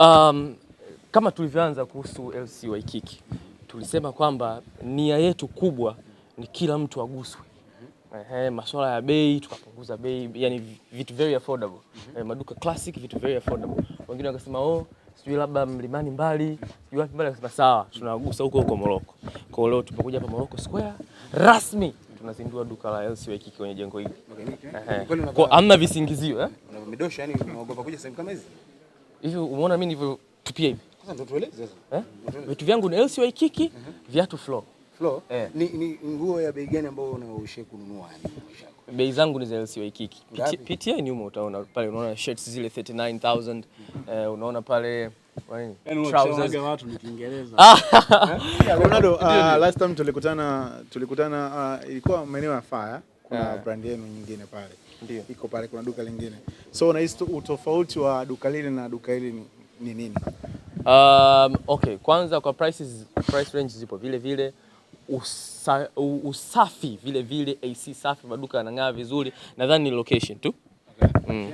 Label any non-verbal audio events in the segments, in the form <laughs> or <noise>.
Um, kama tulivyoanza kuhusu LC Waikiki tulisema kwamba nia yetu kubwa ni kila mtu aguswe. Ehe, masuala ya bei tukapunguza bei, yani vitu very affordable. mm -hmm. E, maduka classic vitu very affordable. Wengine wakasema oh, sijui labda mlimani mbali, sijui wapi mbali, akasema sawa, tunagusa huko huko Moroko. Kwa leo tumekuja hapa Moroko Square rasmi tunazindua duka la LC Waikiki kwenye jengo hili. Okay, okay. Kwa amna visingizio eh? Unamedosha yani unaogopa kuja sehemu kama hizi? hivi umeona mimi tupia hivi. Sasa ndio tueleze sasa. Eh? Vitu vyangu ni LCY kiki, uh -huh. viatu flow. Flow? Eh. Ni, ni nguo ya bei gani ambayo unaoshe kununua yani? Bei zangu ni za LCY kiki. PTI ni umo utaona pale unaona shirts zile 39000, eh, unaona pale yaani watu ni ah! eh? <laughs> ah, last time tulikutana tulikutana uh, ilikuwa maeneo ya Faya kuna yeah. brand yenu nyingine pale. Ndio. Iko pale kuna duka lingine. So unahisi utofauti wa duka lile na duka hili ni, ni nini? Um, okay, kwanza kwa prices, price range zipo vile vile usa, usafi vile vile AC safi, maduka yanang'aa vizuri, nadhani ni location tu. Okay. Mm.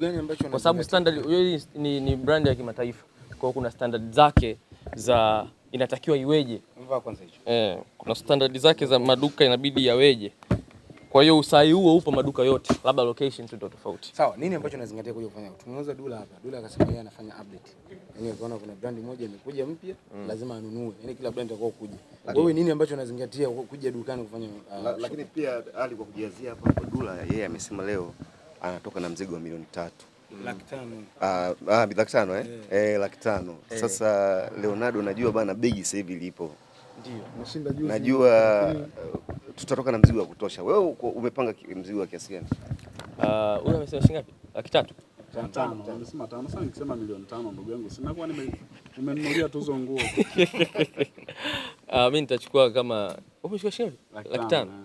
Yaani, kwa sababu standard ni, ni brand ya kimataifa kwa hiyo kuna standard zake za inatakiwa iweje. kwanza hicho. Eh, kuna standard zake za maduka inabidi yaweje. Kwa hiyo usai huo upo maduka yote, labda location tu ndio tofauti. Sawa, nini ambacho unazingatia kuja kufanya? Tumeuza Dula hapa. Dula akasema yeye anafanya update. Yaani ukiona kuna brand moja imekuja mpya, mm. lazima anunue. Yaani kila brand itakuwa kuja. Wewe nini ambacho unazingatia kuja dukani kufanya uh, La, lakini pia hali kwa kujiazia hapa kwa Dula yeye yeah, amesema leo anatoka na mzigo wa milioni tatu. Mm. Laki tano. Ah, ah, laki tano eh? Yeah. Eh, laki tano. Yeah. Sasa Leonardo najua bana begi sasa hivi lipo. Ndio. Najua tutatoka na mzigo wa kutosha. Wewe umepanga mzigo wa kiasi gani? Ah, huyu amesema shilingi ngapi? Laki tatu. Sasa nikisema milioni ndugu yangu, sina kwa nime nimenunulia tuzo nguo. Ah, <laughs> uh, mimi nitachukua kama umechukua shilingi laki tano.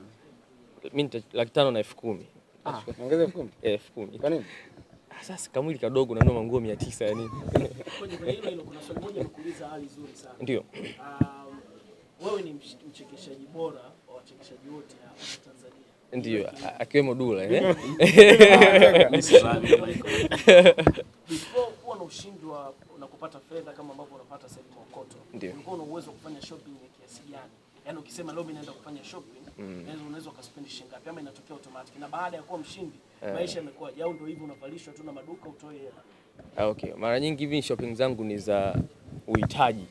Mimi eh. laki tano na elfu kumi. Ah, ongeza elfu kumi? Eh, Kwa nini? Ah, sasa kamwili kadogo nanua manguo mia tisa yani. Ndio. Wewe ni mchekeshaji bora wachekeshaji wote hapa Tanzania. Ndio, akiwemo Dula eh? <laughs> na ushindi wa na kupata fedha kama ambavyo unapata Ulikuwa una uwezo wa kufanya shopping ya kiasi gani? Yaani ukisema leo mimi naenda kufanya shopping, mm. unaweza ukaspendi shilingi ngapi ama inatokea automatic na baada ya kuwa mshindi eh. maisha yamekuwa au ndio hivyo unavalishwa tu na maduka utoe hela. Ah, okay. Mara nyingi hivi shopping zangu ni za uhitaji.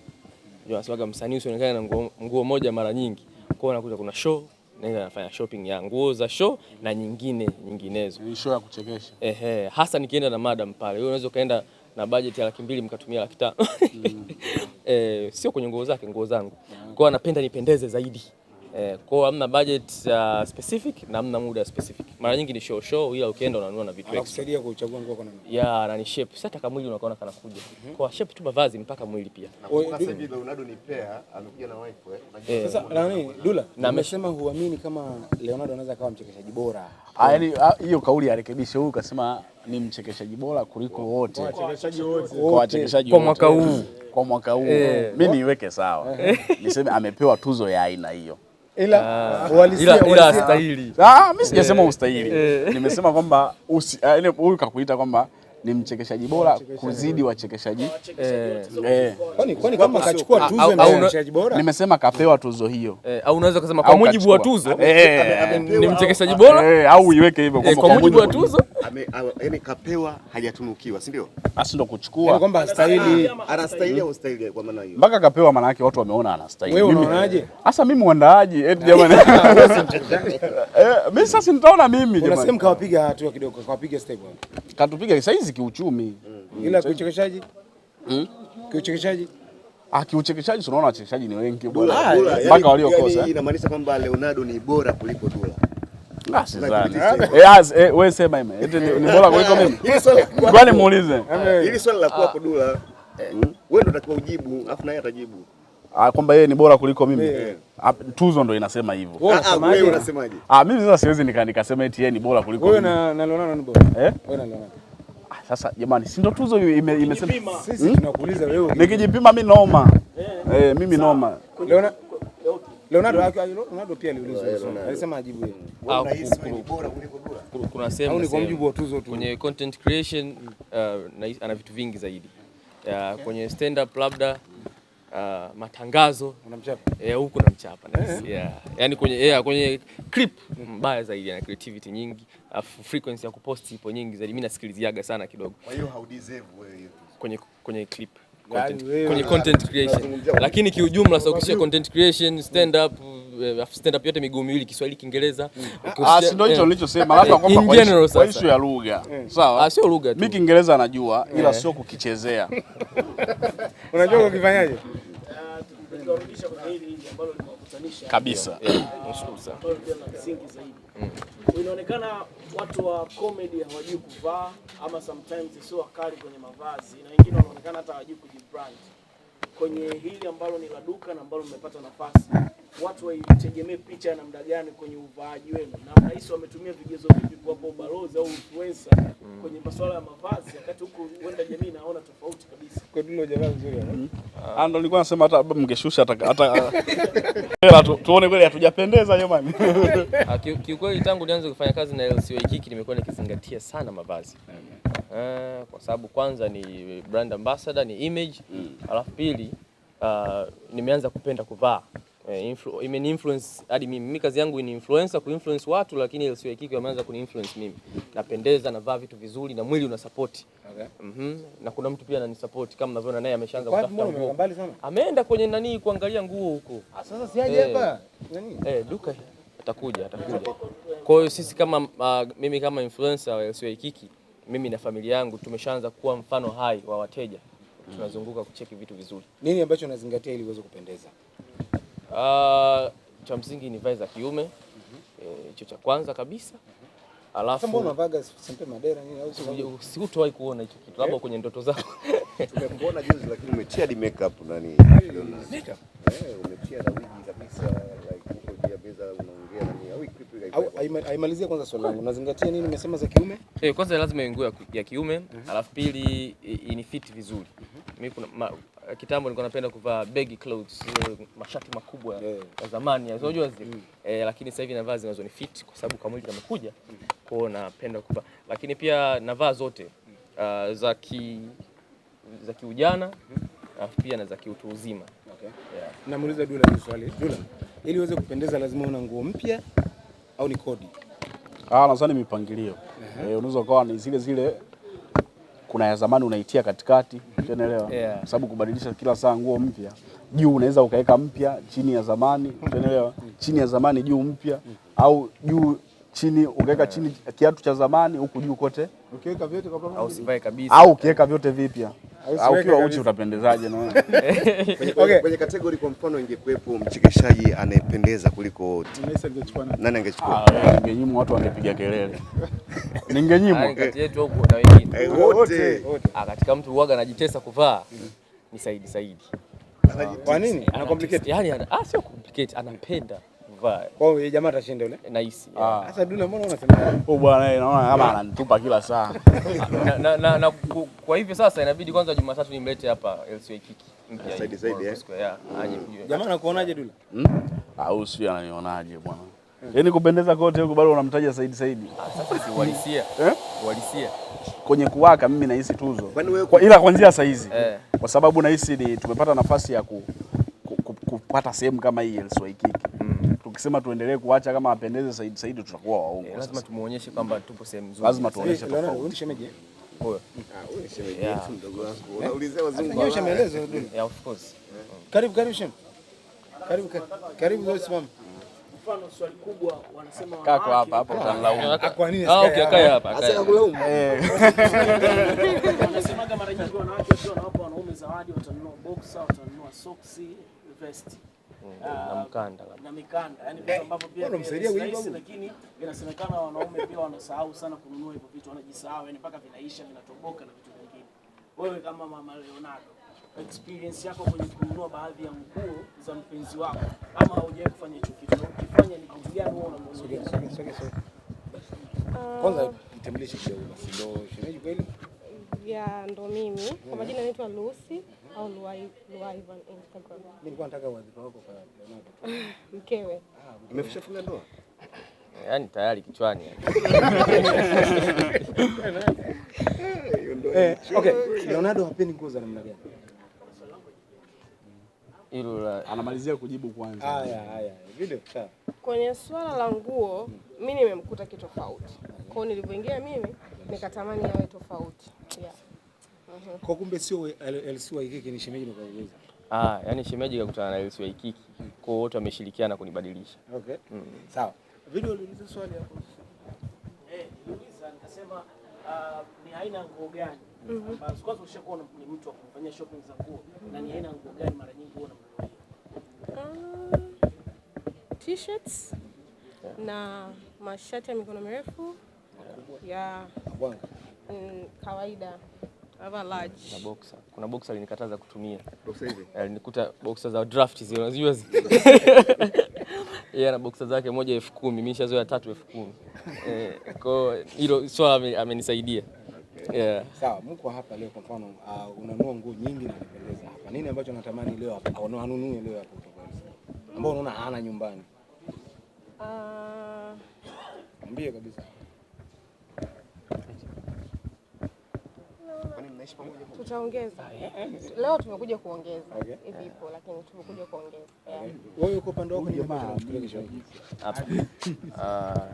Unajua, msanii usionekane na nguo moja mara nyingi mkoa nakuta kuna show nenda nafanya shopping ya nguo za show na nyingine nyinginezo. Ni show ya kuchekesha. Ehe, hasa nikienda na madam pale. Wewe unaweza ukaenda na budget ya laki mbili mkatumia laki tano. mm. <laughs> Eh, sio kwenye nguo zake, nguo zangu. Kwa anapenda nipendeze zaidi. Eh, kwa hamna budget uh, specific na hamna muda specific. Mara nyingi ni show show, ila ukienda unanunua na vitu extra. Anakusaidia kuchagua nguo kwa nani? Yeah, na ni shape. Sasa hata mwili unakaona kana kuja. Mhm. Kwa shape tu mavazi mpaka mwili pia. Na kwa sasa hivi Leonardo ni pair, amekuja na wife eh. eh. Sasa nani Dula? Na amesema huamini kama Leonardo anaweza kawa mchekeshaji bora. Ah, yani ah, hiyo kauli arekebishe huyu kasema ni mchekeshaji bora kuliko wote. Kwa wachekeshaji wote. Kwa wachekeshaji wote. Kwa mwaka huu. Kwa mwaka huu. Eh. Mimi niweke sawa. Niseme amepewa tuzo ya aina hiyo ila ah. stahili. Ah, mimi sijasema eh. ustahili, eh. nimesema kwamba ah, huyu kakuita kwamba ni mchekeshaji bora kuzidi wachekeshaji nimesema kapewa tuzo hiyo eh, au unaweza kusema kwa mujibu wa tuzo eh, eh ni mchekeshaji bora eh, au iweke hivyo eh, kwa mujibu wa tuzo yaani kapewa hajatunukiwa, si ndio? basi ndo kuchukua yaani kwamba anastahili, ah, anastahili au stahili, kwa maana hiyo mpaka kapewa, maana yake watu wameona anastahili. Wewe unaonaje? Sasa mimi mwandaaji, eti jamani, <laughs> eh, mimi sasa nitaona mimi jamani, unasema kawapiga hatu kidogo, kawapiga step, katupiga saizi hizi kiuchumi, mm. ila kiuchekeshaji hmm? kiuchekeshaji Ah, kiuchekeshaji tunaona wachekeshaji ni wengi bwana. Mpaka waliokosa. Inamaanisha kwamba Leonardo ni bora kuliko Dula. Ah, eh, as ah, eh, Wewe sema ime. Eti ni bora kuliko mimi. <laughs> Hili swali la Kwani muulize. Hili swali la kwako ah. Dula. Hmm? Wewe ndio unatakiwa ujibu, afu naye atajibu. Ah, kwamba yeye ni bora kuliko mimi. Eh. Tuzo ndio inasema hivyo. Wewe unasemaje? Ah, mimi sasa siwezi nikasema eti yeye ni bora kuliko mimi. Wewe na Leonardo ni bora. Eh? Wewe na Leonardo. Sasa jamani, si ndo tuzo imesema sisi hmm? tunakuuliza wewe. Nikijipima mimi noma. Eh, eh mimi noma. Leonardo Leonardo pia aliulizwa hizo. Alisema ajibu yeye. Unahisi bora kuliko bora? Kuna sehemu ni kwa mujibu wa tuzo tu. Kwenye content creation uh, ana vitu vingi zaidi. Uh, kwenye stand up labda uh, matangazo eh, huku na mchapa eh, eh. yani kwenye, yeah, kwenye clip mm, mbaya zaidi na creativity nyingi, afu frequency ya kupost ipo nyingi zaidi. Mimi nasikiliziaga sana kidogo, kwa hiyo how deserve wewe kwenye kwenye clip content, kwenye content creation, lakini kiujumla sio kishia content creation stand up Eh, stand up yote miguu miwili, Kiswahili, Kiingereza. Mm. Ah, si Ndio hicho nilichosema, eh. labda eh, kwamba kwa issue ya lugha. Sawa, Ah, sio lugha tu. Mimi Kiingereza najua ila sio kukichezea. <laughs> Unajua ukifanyaje? kabisa mm. inaonekana watu wa comedy hawajui kuvaa ama sometimes sio wakali kwenye mavazi, na wengine wanaonekana hata hawajui kujibrand kwenye hili ambalo ni la duka na ambalo mmepata nafasi watu waitegemee picha ya namna gani kwenye uvaaji wenu, na rais wametumia vigezo vipi kuwapa ubalozi au influencer mm. kwenye masuala ya mavazi, wakati huku huenda jamii inaona tofauti kabisa. Kwa dunia jamaa nzuri mm. ah, ndo nilikuwa nasema hata mngeshusha hata hata <laughs> tuone kweli hatujapendeza jamani. Ah, kiukweli tangu nianze kufanya kazi na LCA e Kiki nimekuwa nikizingatia sana mavazi uh, kwa sababu kwanza ni brand ambassador, ni image mm. Alafu pili uh, nimeanza kupenda kuvaa eh, influ, hadi mimi. Mimi kazi yangu ni influencer kuinfluence watu, lakini LCY Kiki ameanza kuniinfluence mimi. Napendeza, navaa vitu vizuri na mwili una support. Okay. Mm -hmm. Na kuna mtu pia ananisupport kama unavyoona naye ameshaanza kutafuta nguo. Ameenda kwenye nani kuangalia nguo huko. Ah, sasa si aje eh. hapa. Nani? Eh, duka atakuja, atakuja. Kwa hiyo sisi kama uh, mimi kama influencer wa LCY Kiki, mimi na familia yangu tumeshaanza kuwa mfano hai wa wateja. Tunazunguka kucheki vitu vizuri. Nini ambacho unazingatia ili uweze kupendeza? Uh, cha msingi ni vazi za kiume mhm. eh, hicho mm -hmm. E, cha kwanza kabisa mhm. alafu mbona vaga sempe madera nini au si utowahi kuona hicho kitu labda eh? kwenye ndoto zako. Tumekuona juzi lakini umetia di makeup nani? na wigi aimalizia kwanza swali langu. Unazingatia nini umesema za kiume? Eh, kwanza lazima ingue ya kiume, mhm. alafu pili inifit vizuri. Mimi kuna Eh, kitambo nilikuwa napenda kuvaa baggy clothes, mashati makubwa yeah. ya zamani unajua zile mm. eh, lakini sasa hivi navaa zinazonifit kwa sababu kamwili kamekuja mm. kwao, napenda kuvaa, lakini pia navaa zote uh, za ki za kiujana mm. uh, pia na za kiutu uzima okay. yeah. Namuuliza Dula swali. Dula, ili uweze kupendeza lazima una nguo mpya au ni kodi? Ah, nadhani mipangilio uh -huh. eh, unaweza ukawa ni zile zile kuna ya zamani unaitia katikati, mhm. unaelewa? yeah. sababu kubadilisha kila saa nguo mpya, juu unaweza ukaweka mpya, chini ya zamani, mhm. unaelewa? Mhm. chini ya zamani juu mpya, au juu chini ukaweka chini kiatu cha zamani, huku juu kote, ukiweka vyote kabisa, au ukiweka vyote vipya au ukiwa uchi utapendezaje? Naona <laughs> kwenye kategori, kwa mfano, ingekuwepo mchekeshaji anayependeza kuliko wote, nani, angechukua? Ah, ningenyimwa, watu wangepiga kelele, <laughs> ningenyimwa kati yetu huko na wengine eh, wote. Ah, Katika mtu huaga anajitesa kuvaa ni Saidi. Saidi kwa nini ana complicate? Yani ah, sio complicate, anampenda kwa jamaa atashinda yule. Eh, nahisi. Ah. Sasa mbona unasema? Oh bwana, eh, naona kama ananitupa kila saa. Na na na kwa hivyo sasa inabidi kwanza Jumatatu nimlete hapa LCA Kiki. Saidi ah, saidi eh. Mm. Aje Jamaa anakuonaje Au hmm? ah, sio ananionaje bwana? Yaani kupendeza kote huko bado unamtaja Saidi Saidi. Sasa uhalisia. <laughs> Eh? Uhalisia. Kwenye kuwaka mimi nahisi tuzo. Kwa ila kuanzia saa hizi. Eh. Kwa sababu nahisi ni tumepata nafasi ya ku kupata sehemu kama hii LCA Kiki tukisema tuendelee kuacha kama apendeze Said Said, tutakuwa waongo. Eh, lazima tumuonyeshe kwamba tupo sehemu nzuri, lazima tuonyeshe eh, tofauti. Shemeje eh? huyo? Ah, wewe shemeje yetu, mdogo wangu, eh? unaulizia wazungu. yeah, of course. Karibu karibu shem, karibu karibu, wewe simama. Mfano swali kubwa wanasema kako hapa hapa, utanilaumu ah, kwa nini? Ah, okay, kaa hapa, kaa kulaumu. Eh, <laughs> wanasemaga mara nyingi wanawake wakiwa wanawapa wanaume zawadi, watanunua boxer, watanunua soksi, vest mm, na ah, mkanda na mikanda, yani vitu eh, ambavyo pia rahisi, lakini inasemekana wanaume pia wanasahau sana kununua hivyo vitu, wanajisahau yani mpaka vinaisha vinatoboka na vitu vingine. Wewe kama mama Leonardo, experience yako kwenye kununua baadhi ya nguo za mpenzi wako, ama haujawahi kufanya hicho kitu, ukifanya ni kitu gani wewe unamwambia? Kwanza itambulishe kidogo basi, ndio shemeji kweli ya ndo mimi Kwa majina naitwa Lucy au Luai Luai Luaivan Instagram. Mimi nilikuwa nataka wadhifa wako kwa Leonardo. <laughs> mkewe. Ah, umefisha funga ndoa? Yaani tayari kichwani. <laughs> Eh, okay. Leonardo hapendi nguo za namna gani? Hilo la anamalizia kujibu kwanza. Haya haya. Video sawa. Kwenye swala la nguo, mimi nimemkuta kitofauti. Kwa hiyo nilivyoingia mimi nikatamani awe tofauti. Kwa kumbe sio LC Waikiki ni shemeji ndo kauliza. Ah, yani shemeji kakutana na LC Waikiki. Hmm. Kwa wote wameshirikiana kunibadilisha. Okay. Mm. Sawa. Video uliuliza swali hapo. Eh, niliuliza nikasema uh, ni aina nguo gani? Mm -hmm. Basi kwanza ushakuwa ni mtu wa kufanya shopping za nguo na ni aina nguo gani mara nyingi huwa unamnunulia? Uh, ah, t-shirts yeah. Na mashati ya mikono mirefu yeah. ya yeah mm, kawaida large. Na boxer. Kuna boxer alinikataza kutumia. Boxer hivi? Eh, Alinikuta boxer za draft zile unajua zi. <laughs> Yeye ana boxer zake moja elfu kumi, mimi nishazoea tatu elfu kumi. Eh, kwa hilo swala amenisaidia. Yeah. Sawa, mko hapa leo kwa mfano uh, unanunua nguo nyingi na nipendeza hapa. Nini ambacho natamani leo hapa? Au anunue leo hapa kutoka ambao unaona hana nyumbani? Ah. Uh... Ambie kabisa. mnaishi pamoja? Tutaongeza ah, eh. Eh, leo, tumekuja kuongeza hivi eh, ipo, lakini tumekuja kuongeza. Wewe uko upande wako, ah.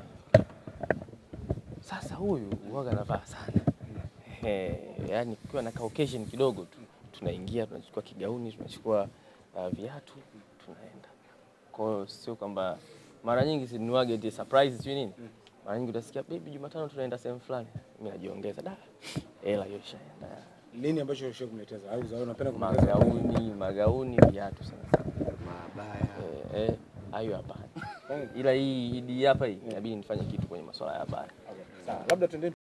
sasa huyu uwaga anavaa sana yaani, kukiwa na occasion kidogo tu tunaingia tunachukua kigauni tunachukua uh, viatu tunaenda. Kwa hiyo sio kwamba mara nyingi sinuage surprise sio nini, mm. mara nyingi utasikia baby, Jumatano tunaenda sehemu fulani mimi najiongeza da hela hiyo ishaenda. Nini ambacho ushaje kumletea au zao unapenda kumletea magauni, magauni, viatu sana Mabaya. Eh, eh, hayo hapa <laughs> Ila hii hii hapa hii inabidi nifanye kitu kwenye masuala ya habari. Sawa. Labda tuende